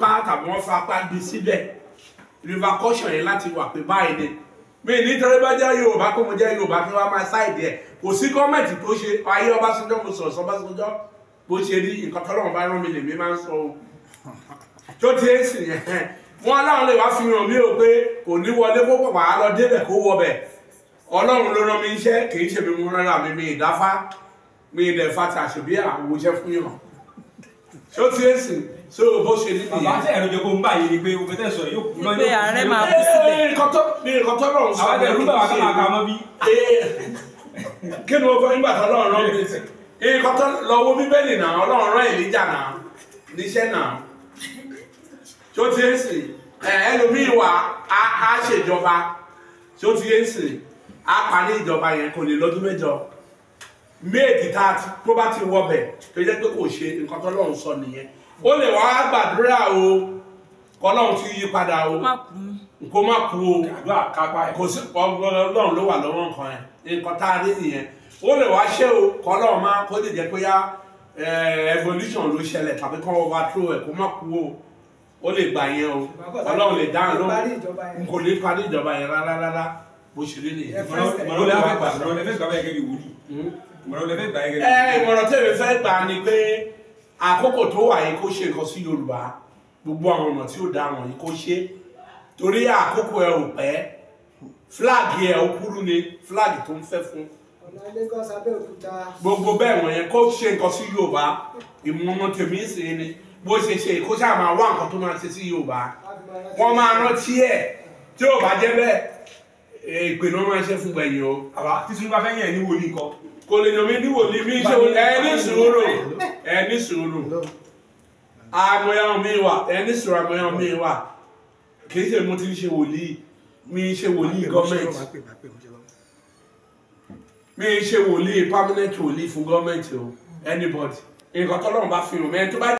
pa tàbí wọ́n fa apá di síbẹ̀ river caution yẹn láti wà pé báyìí ni mi nítorí bá jẹ́ yorùbá kó mo jẹ́ yorùbá kí wọ́n máa ṣáìdì ẹ̀ kò sí gọ́ọ̀mẹ̀ntì tó ṣe ayé ọbásanjọ́ mo sọ̀rọ̀ sọ ọbásanjọ́ bó ṣe rí nǹkan tọ́lọ́run bá rán mi lèmi máa ń sọ o tó ti ń sìn yẹn wọn aláwọn lè wá fi hàn mí o pé kò ní wọlé kó pàpà á lọ débẹ̀ kó wọ bẹ̀ ọlọ́run ló rán mi iṣẹ́ kì í ṣe mi mú rárá mi mi ìdáfá mi ìdẹ̀fà tàṣùbí àwòṣẹ́ fún ṣó ti é sìn so bó ṣe ní nìyẹn. àbájá ẹ̀rọ ìjọba ń bá yìí ni pé òfin tẹ̀sán yóò kú lọ́yọ̀. ìgbé ààrẹ máa kú sílẹ̀. mi nǹkan tó mi nǹkan ń sọ. àwọn ẹ̀rú bàbá kan máa kí ni wọ́n fọ́ nígbà tó lọ́run rán mi sí. nǹkan tó lọ wo bíbélì náà ọlọ́run rán ìlíjà náà níṣẹ́ náà. ṣó ti é sìn ẹlòmíì wà á ṣèjọba ṣó ti é sìn á parí ìjọba yẹn kò lè lọ́dún mẹ́jọ méèdì tá a ti tó bá ti wọ bẹ̀ tó jẹ́ pé kò ṣe nǹkan tó lọ́run sọ nìyẹn ó lè wá gbàdúrà o kọlọ́run ti yí padà o kó má kú o àdúrà kápá ẹ̀ kò sí ọlọ́run ló wà lọ́wọ́ nǹkan ẹ̀ nǹkan tá a rí nìyẹn ó lè wá ṣe o kọlọ́run má kó lè jẹ́ pé yá evolution ló ṣẹlẹ̀ tàbí kán wọ́n wá tó ẹ̀ kó má kú o ó lè gbà yẹn o ọlọ́run lè dáhùn lóhùn n kò lè parí ìjọba yẹn rárá bó ṣe lé nìyẹn. mọ̀rọ̀ lè fẹ́ gbà mọ̀rọ̀ lè fẹ́ gbà báyìí kẹ́bi wúlò mọ̀rọ̀ lè fẹ́ gbà yẹn kẹ́bi. ẹ ìmọ̀ràn tẹ̀lé fẹ́ gbà ni pé àkókò tó wà yìí kó ṣe nǹkan sí Yorùbá gbogbo àwọn ọ̀nà tí ó da àwọn yìí kó ṣe torí àkókò ẹ ò pẹ́ flag ẹ ó kúrú ni flag tó ń fẹ́ fún gbogbo bẹ́ẹ̀ wọ̀nyẹn kó ṣe nǹkan sí Yorùbá ìmọ̀ràn tèmi sì ni bó ṣe ṣe kó ṣáà máa wá nǹkan tó máa ṣe sí Yorùbá wọ́n máa rántí ẹ̀ tí Yorùbá jẹ́ bẹ́ẹ̀ èpè náà máa ṣe fún gbẹ̀yìn o. àwa tí sunba fẹ́ yẹn ní wòlíì kan. kò lè yàn mí ní wòlíì mi ṣe ẹ ní sùúrù ẹ ní sùúrù àmọ̀yàn mi wà ẹ ní sùúrù àmọ̀yàn mi wà kì í ṣe mo ti ń ṣe wòlíì mi ń ṣe wòlíì gọ́ọ̀mẹ̀ntì mi ń ṣe wòlíì permanent wòlíì fún gọ́ọ̀mẹ̀ntì o anybody nǹkan tọ́lọ́run bá fi hàn mẹ́rin tó bá.